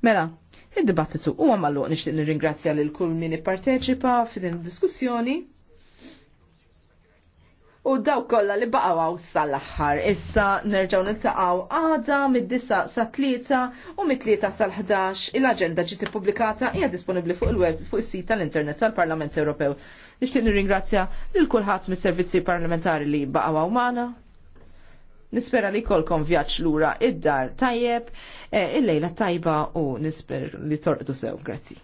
Mela, id-dibattitu huwa nir nixtieq nirringrazzja lil kull min ipparteċipa f'din id-diskussjoni. U daw kollha li baqa' għaw sal-aħħar. Issa nerġgħu niltaqgħu għada mid-disa sa tlieta u mit-tlieta sal-11 il-aġenda ġiet publikata hija disponibbli fuq il-web fuq is-sit tal-Internet tal-Parlament Ewropew. Nixtieq nirringrazzja lil kulħadd mis-servizzi parlamentari li baqa' għaw Nispera li kolkom vjaċ lura id-dar tajjeb, eh, il-lejla tajba u nisper li torqdu sew. Grazzi.